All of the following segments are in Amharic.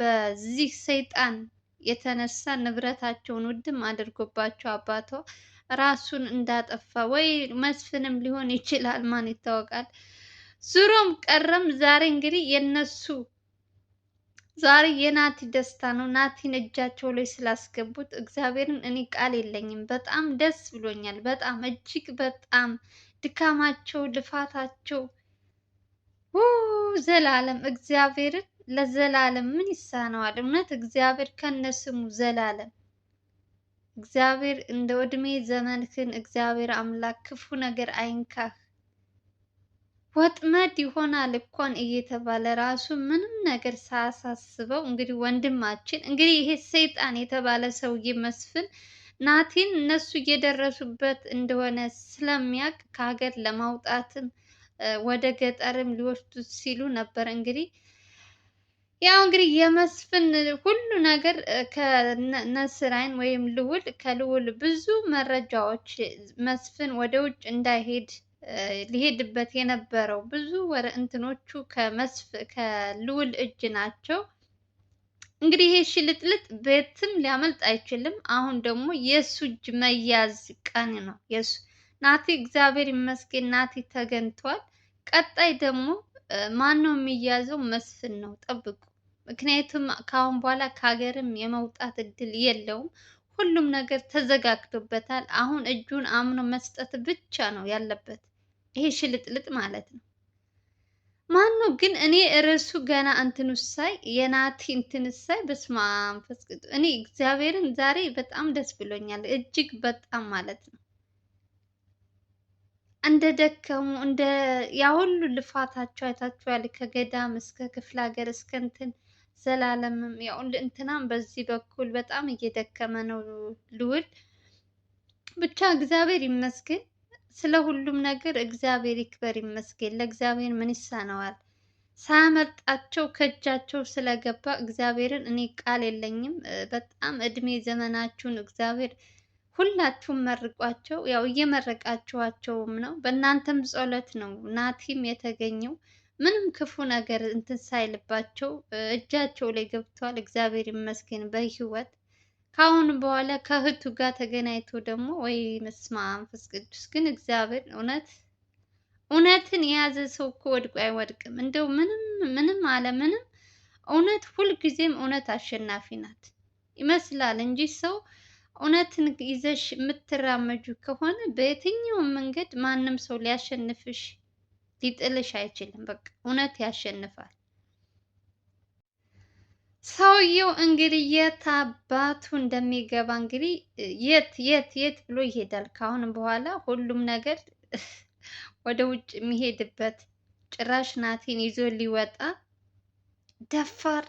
በዚህ ሰይጣን የተነሳ ንብረታቸውን ውድም አድርጎባቸው አባቷ ራሱን እንዳጠፋ ወይ መስፍንም ሊሆን ይችላል፣ ማን ይታወቃል። ዙሮም ቀረም ዛሬ እንግዲህ የነሱ ዛሬ የናቲ ደስታ ነው። ናቲን እጃቸው ላይ ስላስገቡት እግዚአብሔርን እኔ ቃል የለኝም። በጣም ደስ ብሎኛል። በጣም እጅግ በጣም ድካማቸው፣ ልፋታቸው ዘላለም እግዚአብሔርን ለዘላለም ምን ይሳነዋል? እውነት እግዚአብሔር ከነስሙ ዘላለም እግዚአብሔር እንደ ዕድሜ ዘመንህን እግዚአብሔር አምላክ ክፉ ነገር አይንካህ። ወጥመድ ይሆናል እኳን እየተባለ ራሱ ምንም ነገር ሳያሳስበው እንግዲህ ወንድማችን እንግዲህ ይሄ ሰይጣን የተባለ ሰውዬ መስፍን ናቲን እነሱ እየደረሱበት እንደሆነ ስለሚያውቅ ከሀገር ለማውጣትም ወደ ገጠርም ሊወስዱት ሲሉ ነበር እንግዲህ ያው እንግዲህ የመስፍን ሁሉ ነገር ከነስራይን ወይም ልውል ከልውል ብዙ መረጃዎች መስፍን ወደ ውጭ እንዳይሄድ ሊሄድበት የነበረው ብዙ ወረ እንትኖቹ ከመስፍ ከልውል እጅ ናቸው። እንግዲህ ይሄ ሽልጥልጥ ቤትም ሊያመልጥ አይችልም። አሁን ደግሞ የእሱ እጅ መያዝ ቀን ነው። የእሱ ናቲ እግዚአብሔር ይመስገን ናቲ ተገኝቷል። ቀጣይ ደግሞ ማን ነው የሚያዘው? መስፍን ነው። ጠብቁ። ምክንያቱም ከአሁን በኋላ ከሀገርም የመውጣት እድል የለውም። ሁሉም ነገር ተዘጋግቶበታል። አሁን እጁን አምኖ መስጠት ብቻ ነው ያለበት። ይሄ ሽልጥልጥ ማለት ነው። ማኑ ግን እኔ እርሱ ገና እንትንሳይ የናቲ እንትንሳይ በስመ አብ መንፈስ እኔ እግዚአብሔርን ዛሬ በጣም ደስ ብሎኛል፣ እጅግ በጣም ማለት ነው። እንደ ደከሙ እንደ ያ ሁሉ ልፋታቸው አይታችኋል። ከገዳም እስከ ክፍለ ሀገር እስከ እንትን ዘላለምም ያው እንትናም በዚህ በኩል በጣም እየደከመ ነው ልውል። ብቻ እግዚአብሔር ይመስገን ስለ ሁሉም ነገር እግዚአብሔር ይክበር ይመስገን። ለእግዚአብሔር ምን ይሳነዋል? ሳያመርጣቸው ከእጃቸው ስለገባ እግዚአብሔርን እኔ ቃል የለኝም። በጣም እድሜ ዘመናችሁን እግዚአብሔር ሁላችሁም መርቋቸው። ያው እየመረቃችኋቸውም ነው፣ በእናንተም ጸሎት ነው ናቲም የተገኘው። ምንም ክፉ ነገር እንትን ሳይልባቸው እጃቸው ላይ ገብቷል። እግዚአብሔር ይመስገን በህይወት ከአሁን በኋላ ከእህቱ ጋር ተገናኝቶ ደግሞ ወይ መስማ መንፈስ ቅዱስ ግን እግዚአብሔር እውነት እውነትን የያዘ ሰው እኮ ወድቆ አይወድቅም። እንደው ምንም ምንም አለ ምንም እውነት ሁልጊዜም እውነት አሸናፊ ናት ይመስላል እንጂ ሰው እውነትን ይዘሽ የምትራመጁ ከሆነ በየትኛውም መንገድ ማንም ሰው ሊያሸንፍሽ ሊጥልሽ አይችልም። በቃ እውነት ያሸንፋል። ሰውየው እንግዲህ የት አባቱ እንደሚገባ እንግዲህ የት የት የት ብሎ ይሄዳል። ከአሁን በኋላ ሁሉም ነገር ወደ ውጭ የሚሄድበት ጭራሽ ናቲን ይዞ ሊወጣ ደፋር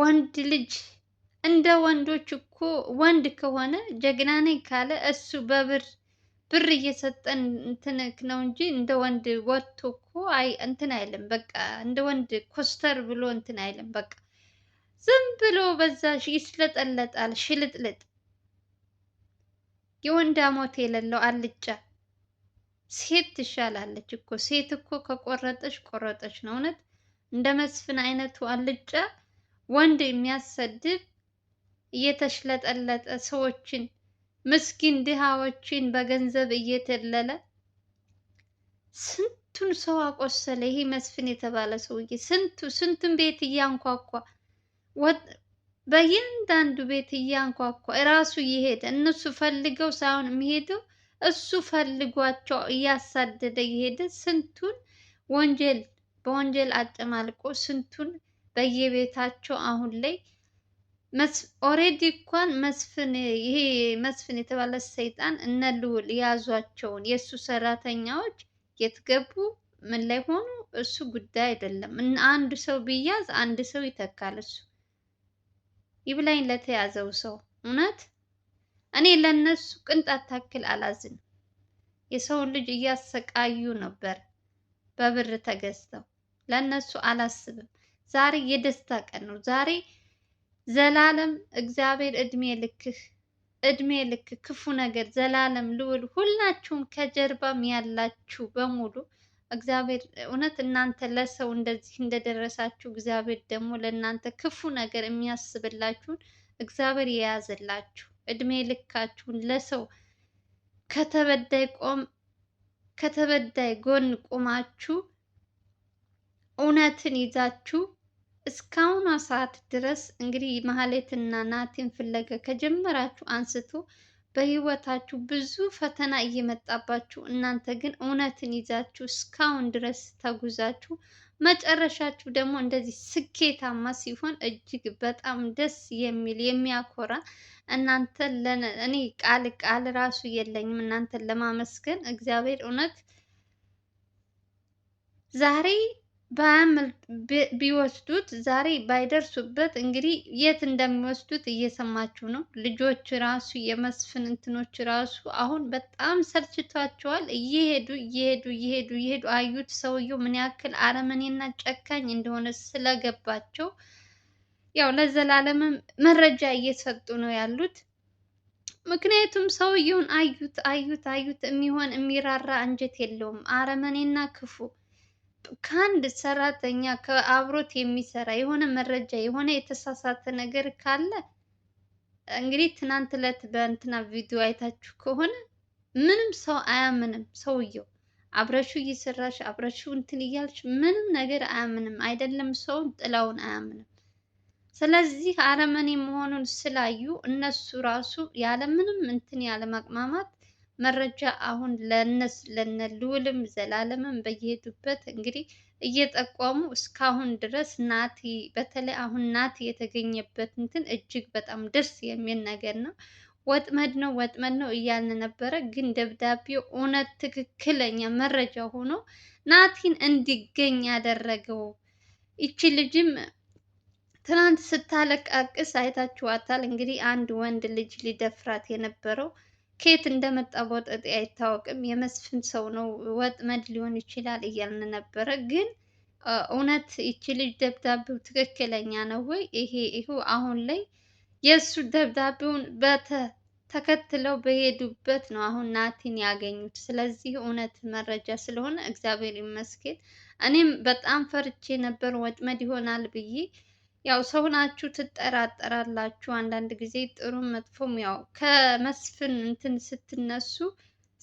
ወንድ ልጅ እንደ ወንዶች እኮ ወንድ ከሆነ ጀግና ነኝ ካለ እሱ በብር ብር እየሰጠን እንትንክ ነው እንጂ እንደ ወንድ ወጥቶ እኮ አይ እንትን አይልም። በቃ እንደ ወንድ ኮስተር ብሎ እንትን አይልም። በቃ ዝም ብሎ በዛ ይስለጠለጣል። ሽልጥልጥ የወንድ አሞት የሌለው አልጫ። ሴት ትሻላለች እኮ ሴት እኮ ከቆረጠች ቆረጠች ነው እውነት። እንደ መስፍን አይነቱ አልጫ ወንድ የሚያሰድብ እየተሽለጠለጠ ሰዎችን ምስኪን ድሃዎችን በገንዘብ እየተለለ ስንቱን ሰው አቆሰለ። ይሄ መስፍን የተባለ ሰውዬ ስንቱ ስንቱን ቤት እያንኳኳ በእያንዳንዱ ቤት እያንኳኳ እራሱ እየሄደ እነሱ ፈልገው ሳይሆን የሚሄደው እሱ ፈልጓቸው እያሳደደ እየሄደ ስንቱን ወንጀል በወንጀል አጨማልቆ ስንቱን በየቤታቸው አሁን ላይ ኦሬዲ እንኳን መስፍን ይሄ መስፍን የተባለ ሰይጣን እነ ልዑል የያዟቸውን የእሱ ሰራተኛዎች የት ገቡ? ምን ላይ ሆኑ? እሱ ጉዳይ አይደለም። አንድ ሰው ቢያዝ አንድ ሰው ይተካል። እሱ ይብላኝ ለተያዘው ሰው እውነት እኔ ለነሱ ቅንጣት ታክል አላዝን የሰውን ልጅ እያሰቃዩ ነበር በብር ተገዝተው ለነሱ አላስብም። ዛሬ የደስታ ቀን ነው ዛሬ ዘላለም እግዚአብሔር እድሜ ልክህ እድሜ ልክ ክፉ ነገር ዘላለም ልውል ሁላችሁም ከጀርባም ያላችሁ በሙሉ እግዚአብሔር እውነት እናንተ ለሰው እንደዚህ እንደደረሳችሁ እግዚአብሔር ደግሞ ለእናንተ ክፉ ነገር የሚያስብላችሁን እግዚአብሔር የያዘላችሁ እድሜ ልካችሁን ለሰው ከተበዳይ ቆም ከተበዳይ ጎን ቁማችሁ እውነትን ይዛችሁ እስካሁኗ ሰዓት ድረስ እንግዲህ ማህሌትና ናቲን ፍለገ ከጀመራችሁ አንስቶ በህይወታችሁ ብዙ ፈተና እየመጣባችሁ እናንተ ግን እውነትን ይዛችሁ እስካሁን ድረስ ተጉዛችሁ መጨረሻችሁ ደግሞ እንደዚህ ስኬታማ ሲሆን እጅግ በጣም ደስ የሚል የሚያኮራ እናንተ እኔ ቃል ቃል ራሱ የለኝም እናንተን ለማመስገን እግዚአብሔር እውነት ዛሬ ቢወስዱት ዛሬ ባይደርሱበት እንግዲህ የት እንደሚወስዱት እየሰማችሁ ነው። ልጆች ራሱ የመስፍን እንትኖች ራሱ አሁን በጣም ሰልችቷቸዋል። እየሄዱ እየሄዱ እየሄዱ እየሄዱ አዩት ሰውየው ምን ያክል አረመኔና ጨካኝ እንደሆነ ስለገባቸው ያው ለዘላለምም መረጃ እየሰጡ ነው ያሉት። ምክንያቱም ሰውየውን አዩት አዩት አዩት፣ የሚሆን የሚራራ አንጀት የለውም። አረመኔና ክፉ ከአንድ ሰራተኛ ከአብሮት የሚሰራ የሆነ መረጃ የሆነ የተሳሳተ ነገር ካለ እንግዲህ ትናንት ዕለት በእንትና ቪዲዮ አይታችሁ ከሆነ ምንም ሰው አያምንም። ሰውየው አብረሹ እየሰራሽ አብረሹ እንትን እያልሽ ምንም ነገር አያምንም። አይደለም ሰውን ጥላውን አያምንም። ስለዚህ አረመኔ መሆኑን ስላዩ እነሱ ራሱ ያለምንም እንትን ያለ ማቅማማት መረጃ አሁን ለነስ ለነ ልዑልም ዘላለምም በየሄዱበት እንግዲህ እየጠቆሙ እስካሁን ድረስ ናቲ በተለይ አሁን ናቲ የተገኘበት እንትን እጅግ በጣም ደስ የሚል ነገር ነው። ወጥመድ ነው ወጥመድ ነው እያልን ነበረ፣ ግን ደብዳቤው እውነት ትክክለኛ መረጃ ሆኖ ናቲን እንዲገኝ ያደረገው። ይቺ ልጅም ትናንት ስታለቃቅስ አይታችኋታል። እንግዲህ አንድ ወንድ ልጅ ሊደፍራት የነበረው ከየት እንደመጣ በወጠጤ አይታወቅም። የመስፍን ሰው ነው ወጥመድ ሊሆን ይችላል እያልን ነበረ። ግን እውነት ይቺ ልጅ ደብዳቤው ትክክለኛ ነው ወይ? ይሄ ይኸው አሁን ላይ የእሱ ደብዳቤውን በተ ተከትለው በሄዱበት ነው አሁን ናቲን ያገኙት። ስለዚህ እውነት መረጃ ስለሆነ እግዚአብሔር ይመስገን። እኔም በጣም ፈርቼ ነበር ወጥመድ ይሆናል ብዬ ያው ሰው ናችሁ ትጠራጠራላችሁ። አንዳንድ ጊዜ ጥሩ መጥፎም ያው ከመስፍን እንትን ስትነሱ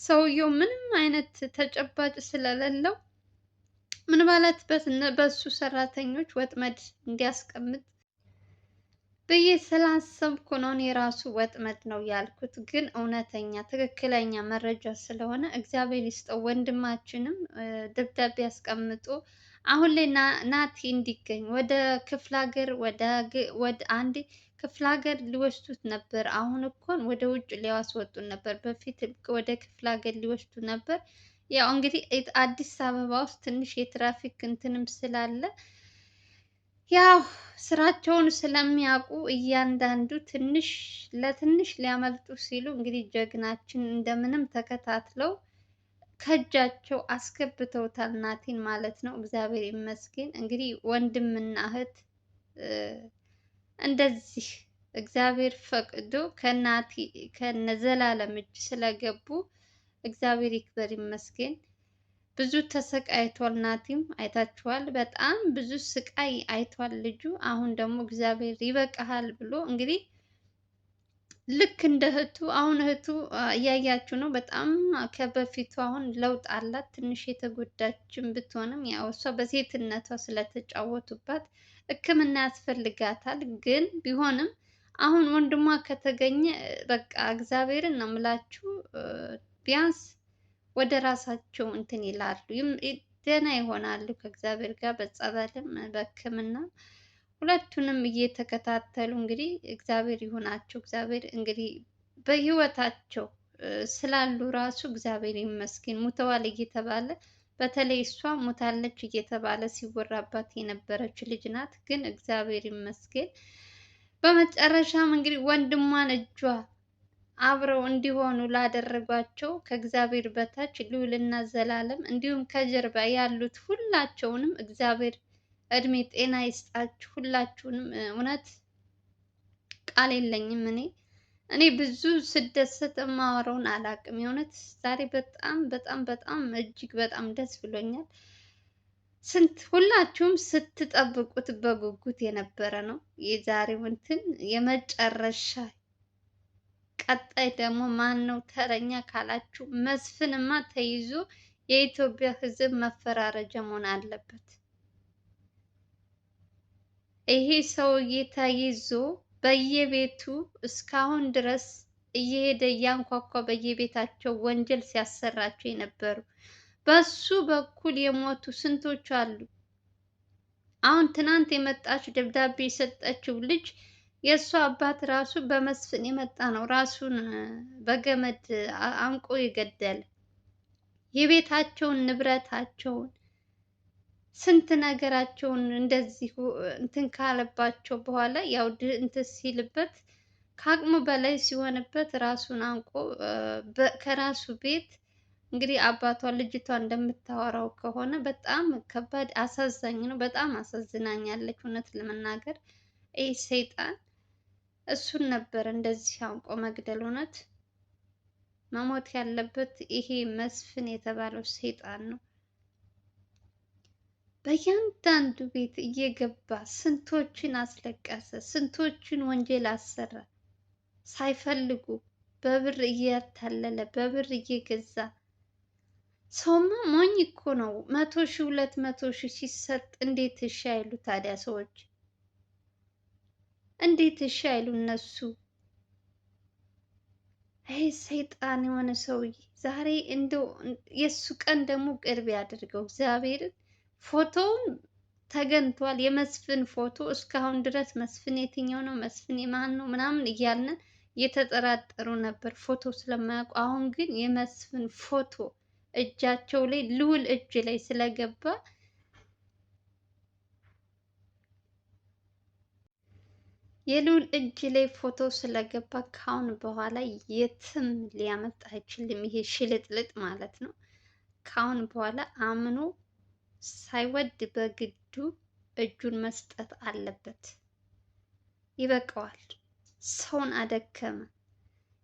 ሰውየው ምንም አይነት ተጨባጭ ስለሌለው ምን ማለት በሱ ሰራተኞች ወጥመድ እንዲያስቀምጥ ብዬ ስላሰብኩ ነው። እኔ የራሱ ወጥመድ ነው ያልኩት፣ ግን እውነተኛ ትክክለኛ መረጃ ስለሆነ እግዚአብሔር ይስጠው። ወንድማችንም ደብዳቤ አስቀምጦ አሁን ላይ ናቲ እንዲገኝ ወደ ክፍለ ሀገር ወደ አንድ ክፍለ ሀገር ሊወስዱት ነበር። አሁን እኮን ወደ ውጭ ሊያስወጡ ነበር። በፊት ወደ ክፍለ ሀገር ሊወስዱ ነበር። ያው እንግዲህ አዲስ አበባ ውስጥ ትንሽ የትራፊክ እንትንም ስላለ ያው ስራቸውን ስለሚያውቁ እያንዳንዱ ትንሽ ለትንሽ ሊያመልጡ ሲሉ እንግዲህ ጀግናችን እንደምንም ተከታትለው ከእጃቸው አስገብተውታል ናቲን ማለት ነው። እግዚአብሔር ይመስገን። እንግዲህ ወንድምና እህት እንደዚህ እግዚአብሔር ፈቅዶ ከናቲ ከነዘላለም እጅ ስለገቡ እግዚአብሔር ይክበር ይመስገን። ብዙ ተሰቃይቷል። ናቲም አይታችኋል። በጣም ብዙ ስቃይ አይቷል ልጁ። አሁን ደግሞ እግዚአብሔር ይበቃሃል ብሎ እንግዲህ ልክ እንደ እህቱ አሁን እህቱ እያያችሁ ነው። በጣም ከበፊቱ አሁን ለውጥ አላት። ትንሽ የተጎዳችም ብትሆንም ያው እሷ በሴትነቷ ስለተጫወቱባት ሕክምና ያስፈልጋታል። ግን ቢሆንም አሁን ወንድሟ ከተገኘ በቃ እግዚአብሔርን ነው የምላችሁ፣ ቢያንስ ወደ ራሳቸው እንትን ይላሉ፣ ደህና ይሆናሉ ከእግዚአብሔር ጋር በጸበልም በሕክምና ሁለቱንም እየተከታተሉ እንግዲህ እግዚአብሔር ይሁናቸው። እግዚአብሔር እንግዲህ በህይወታቸው ስላሉ ራሱ እግዚአብሔር ይመስገን። ሙተዋል እየተባለ በተለይ እሷ ሙታለች እየተባለ ሲወራባት የነበረች ልጅ ናት። ግን እግዚአብሔር ይመስገን በመጨረሻም እንግዲህ ወንድሟን እጇ አብረው እንዲሆኑ ላደረጓቸው ከእግዚአብሔር በታች ልዑልና ዘላለም እንዲሁም ከጀርባ ያሉት ሁላቸውንም እግዚአብሔር እድሜ ጤና ይስጣችሁ ሁላችሁንም። እውነት ቃል የለኝም እኔ እኔ ብዙ ስደሰት የማወራውን አላውቅም። የእውነት ዛሬ በጣም በጣም በጣም እጅግ በጣም ደስ ብሎኛል። ስንት ሁላችሁም ስትጠብቁት በጉጉት የነበረ ነው የዛሬው እንትን የመጨረሻ። ቀጣይ ደግሞ ማን ነው ተረኛ ካላችሁ መስፍንማ ተይዞ የኢትዮጵያ ሕዝብ መፈራረጃ መሆን አለበት። ይሄ ሰውዬ ተይዞ በየቤቱ እስካሁን ድረስ እየሄደ እያንኳኳ በየቤታቸው ወንጀል ሲያሰራቸው የነበሩ በሱ በኩል የሞቱ ስንቶች አሉ። አሁን ትናንት የመጣች ደብዳቤ የሰጠችው ልጅ የእሱ አባት ራሱ በመስፍን የመጣ ነው። ራሱን በገመድ አንቆ የገደለ የቤታቸውን ንብረታቸውን ስንት ነገራቸውን እንደዚሁ እንትን ካለባቸው በኋላ ያው እንትን ሲልበት ከአቅሙ በላይ ሲሆንበት ራሱን አንቆ ከራሱ ቤት እንግዲህ አባቷ ልጅቷ እንደምታወራው ከሆነ በጣም ከባድ አሳዛኝ ነው። በጣም አሳዝናኛለች እውነት ለመናገር ይህ ሰይጣን እሱን ነበር እንደዚህ አንቆ መግደል። እውነት መሞት ያለበት ይሄ መስፍን የተባለው ሰይጣን ነው። በእያንዳንዱ ቤት እየገባ ስንቶችን አስለቀሰ፣ ስንቶችን ወንጀል አሰራ። ሳይፈልጉ በብር እያታለለ በብር እየገዛ ሰውማ ሞኝ እኮ ነው። መቶ ሺ ሁለት መቶ ሺ ሲሰጥ እንዴት እሺ አይሉ ታዲያ ሰዎች እንዴት እሺ አይሉ እነሱ። ይህ ሰይጣን የሆነ ሰውዬ ዛሬ እንደው የእሱ ቀን ደግሞ ቅርብ ያደርገው እግዚአብሔርን ፎቶውም ተገንቷል። የመስፍን ፎቶ እስካሁን ድረስ መስፍን የትኛው ነው መስፍን የማን ነው ምናምን እያልን እየተጠራጠሩ ነበር ፎቶ ስለማያውቁ። አሁን ግን የመስፍን ፎቶ እጃቸው ላይ ልውል እጅ ላይ ስለገባ የልዑል እጅ ላይ ፎቶ ስለገባ ካሁን በኋላ የትም ሊያመጣ አይችልም። ይሄ ሽልጥልጥ ማለት ነው። ካሁን በኋላ አምኖ ሳይወድ በግዱ እጁን መስጠት አለበት። ይበቃዋል። ሰውን አደከመ።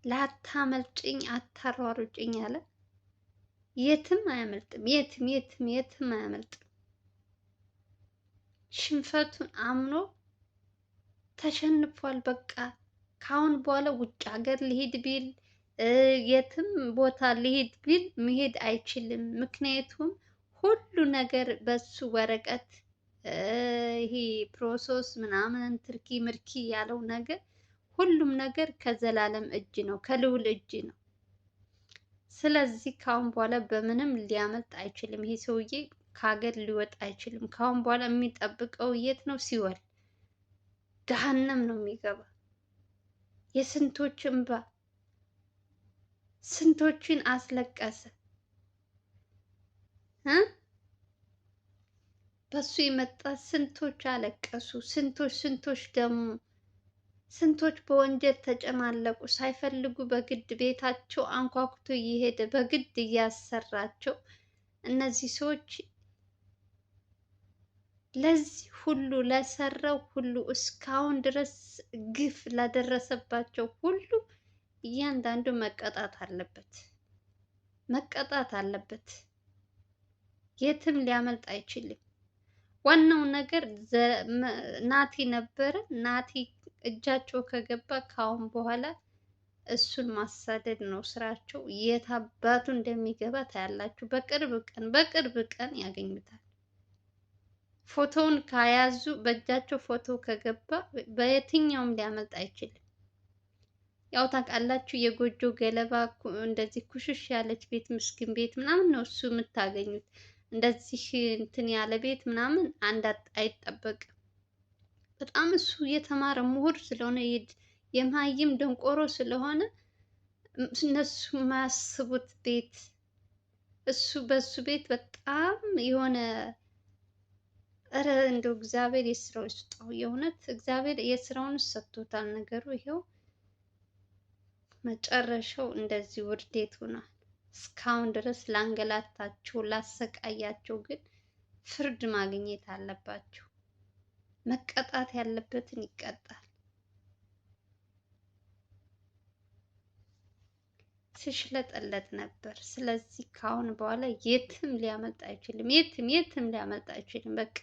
ላታመልጭኝ አታሯሩጭኝ አለ። የትም አያመልጥም። የትም የትም የትም አያመልጥም። ሽንፈቱን አምኖ ተሸንፏል። በቃ ካሁን በኋላ ውጭ ሀገር ሊሄድ ቢል የትም ቦታ ሊሄድ ቢል መሄድ አይችልም። ምክንያቱም ሁሉ ነገር በሱ ወረቀት ይሄ ፕሮሰስ ምናምን ትርኪ ምርኪ ያለው ነገር ሁሉም ነገር ከዘላለም እጅ ነው፣ ከልዑል እጅ ነው። ስለዚህ ካሁን በኋላ በምንም ሊያመልጥ አይችልም። ይሄ ሰውዬ ከሀገር ሊወጣ አይችልም። ካሁን በኋላ የሚጠብቀው የት ነው? ሲወል ገሃነም ነው የሚገባ። የስንቶች እንባ ስንቶችን አስለቀሰ። በሱ የመጣ ስንቶች አለቀሱ፣ ስንቶች ስንቶች ደሙ፣ ስንቶች በወንጀል ተጨማለቁ። ሳይፈልጉ በግድ ቤታቸው አንኳኩቶ እየሄደ በግድ እያሰራቸው እነዚህ ሰዎች ለዚህ ሁሉ ለሰራው ሁሉ እስካሁን ድረስ ግፍ ላደረሰባቸው ሁሉ እያንዳንዱ መቀጣት አለበት፣ መቀጣት አለበት። የትም ሊያመልጥ አይችልም። ዋናው ነገር ናቲ ነበረ። ናቲ እጃቸው ከገባ ከአሁን በኋላ እሱን ማሳደድ ነው ስራቸው። የት አባቱ እንደሚገባ ታያላችሁ። በቅርብ ቀን በቅርብ ቀን ያገኙታል። ፎቶውን ከያዙ በእጃቸው ፎቶ ከገባ በየትኛውም ሊያመልጥ አይችልም። ያው ታውቃላችሁ የጎጆ ገለባ እንደዚህ ኩሽሽ ያለች ቤት ምስኪን ቤት ምናምን ነው እሱ የምታገኙት። እንደዚህ እንትን ያለ ቤት ምናምን አንድ አይጠበቅም። በጣም እሱ የተማረ ምሁር ስለሆነ የማይም ደንቆሮ ስለሆነ እነሱ የማያስቡት ቤት እሱ በሱ ቤት በጣም የሆነ እረ እንደው እግዚአብሔር የስራው ይስጠው። የእውነት እግዚአብሔር የስራውን ሰጥቶታል። ነገሩ ይሄው መጨረሻው እንደዚህ ውርዴት ሆኗል። እስካሁን ድረስ ላንገላታችሁ፣ ላሰቃያችሁ ግን ፍርድ ማግኘት አለባችሁ። መቀጣት ያለበትን ይቀጣል። ሲሽለጠለጥ ነበር። ስለዚህ ከአሁን በኋላ የትም ሊያመልጥ አይችልም። የትም የትም ሊያመልጥ አይችልም። በቃ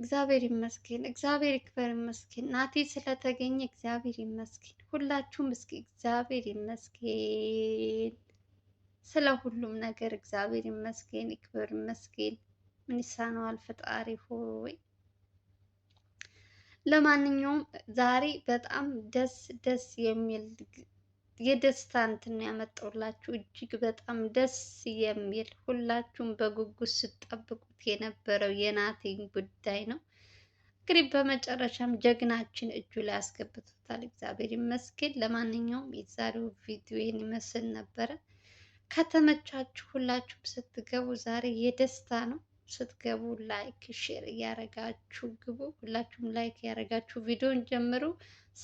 እግዚአብሔር ይመስገን፣ እግዚአብሔር ይክበር ይመስገን። ናቲ ስለተገኘ እግዚአብሔር ይመስገን። ሁላችሁም እስኪ እግዚአብሔር ይመስገን ስለ ሁሉም ነገር እግዚአብሔር ይመስገን፣ ይክበር ይመስገን። ምን ይሳነዋል ፈጣሪ ሆይ። ለማንኛውም ዛሬ በጣም ደስ ደስ የሚል የደስታ እንትን ያመጣሁላችሁ እጅግ በጣም ደስ የሚል ሁላችሁም በጉጉት ስትጠብቁት የነበረው የናቴን ጉዳይ ነው። እንግዲህ በመጨረሻም ጀግናችን እጁ ላይ አስገብቶታል። እግዚአብሔር ይመስገን። ለማንኛውም የዛሬው ቪዲዮ ይህን ይመስል ነበረ። ከተመቻችሁ ሁላችሁም ስትገቡ ዛሬ የደስታ ነው። ስትገቡ ላይክ ሼር እያረጋችሁ ግቡ። ሁላችሁም ላይክ እያረጋችሁ ቪዲዮን ጀምሩ።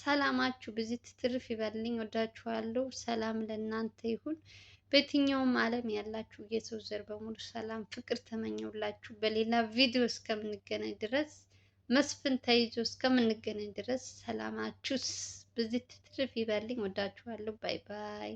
ሰላማችሁ ብዙ ትትርፍ ይበልኝ። ወዳችኋለሁ። ሰላም ለእናንተ ይሁን። በየትኛውም ዓለም ያላችሁ የሰው ዘር በሙሉ ሰላም፣ ፍቅር ተመኘውላችሁ። በሌላ ቪዲዮ እስከምንገናኝ ድረስ መስፍን ተይዞ እስከምንገናኝ ድረስ ሰላማችሁ ብዝት ትርፍ ይበልኝ። ወዳችኋለሁ። ባይ ባይ።